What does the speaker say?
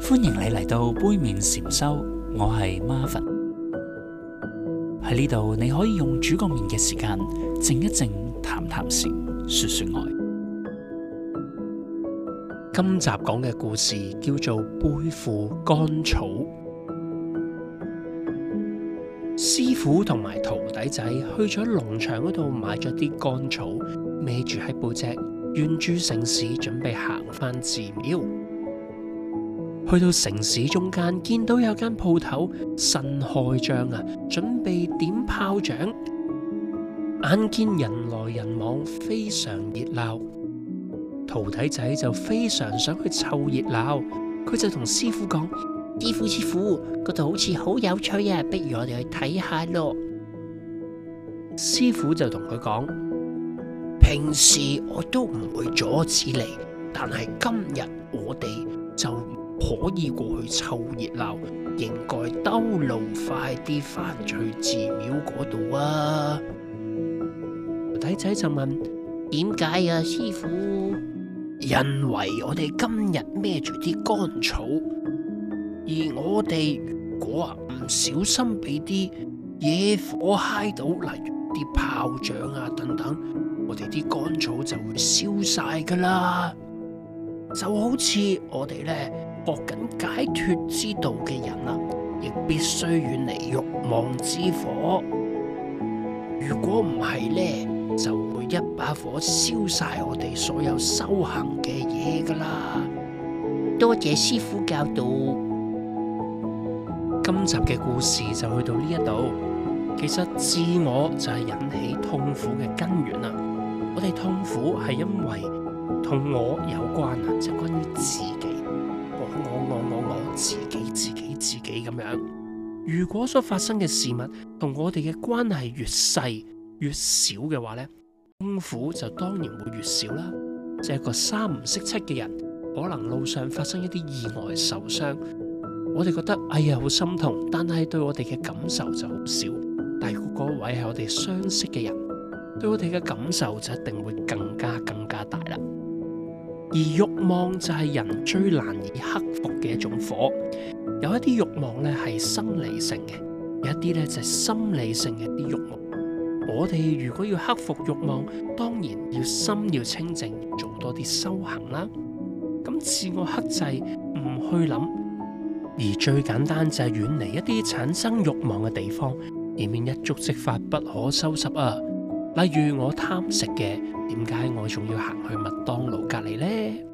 歡迎你嚟到杯麵禪修，我係 Marvin，喺呢度，你可以用煮個麵嘅時間靜一靜，談談禪，說說愛。今集講嘅故事叫做背負乾草。師傅同埋徒弟仔去咗農場嗰度買咗啲乾草，孭住喺背脊，遠住城市，準備行翻寺廟。去到城市中間，見到有間鋪頭新開張啊！準備點炮仗，眼見人來人往，非常熱鬧。徒弟仔就非常想去湊熱鬧，佢就同師父講：「師父，師父，嗰度好似好有趣啊！不如我哋去睇下咯。」師父就同佢講：「平時我都唔會阻止你，但係今日我哋就可以過去湊熱鬧，應該兜路快啲翻去寺廟嗰度啊！弟仔就問：點解啊，師父？因為我哋今日孭住啲乾草，而我哋如果啊唔小心俾啲野火揩到，例如啲炮仗啊等等，我哋啲乾草就會燒晒噶啦，就好似我哋咧。學緊解脱之道嘅人啊，亦必須遠離欲望之火。如果唔係呢，就會一把火燒晒我哋所有修行嘅嘢噶啦。多謝師父教導。今集嘅故事就去到呢一度。其實自我就係引起痛苦嘅根源啊！我哋痛苦係因為同我有關啊，就係關於自己。我我我我，我自己自己自己咁樣。如果所發生嘅事物同我哋嘅關係越細越少嘅話呢，痛苦就當然會越少啦。即係個三唔識七嘅人，可能路上發生一啲意外受傷，我哋覺得哎呀好心痛，但係對我哋嘅感受就好少。但係如果嗰位係我哋相識嘅人，對我哋嘅感受就一定會更加更加大啦。而慾望就係人最難以克服嘅一種火，有一啲慾望咧係生理性嘅，有一啲咧就係心理性嘅一啲慾望。我哋如果要克服慾望，當然要心要清靜，做多啲修行啦。咁自我克制，唔去諗。而最簡單就係遠離一啲產生慾望嘅地方，以免一觸即發不可收拾啊！例如我貪食嘅，點解我仲要行去麥當勞隔離呢？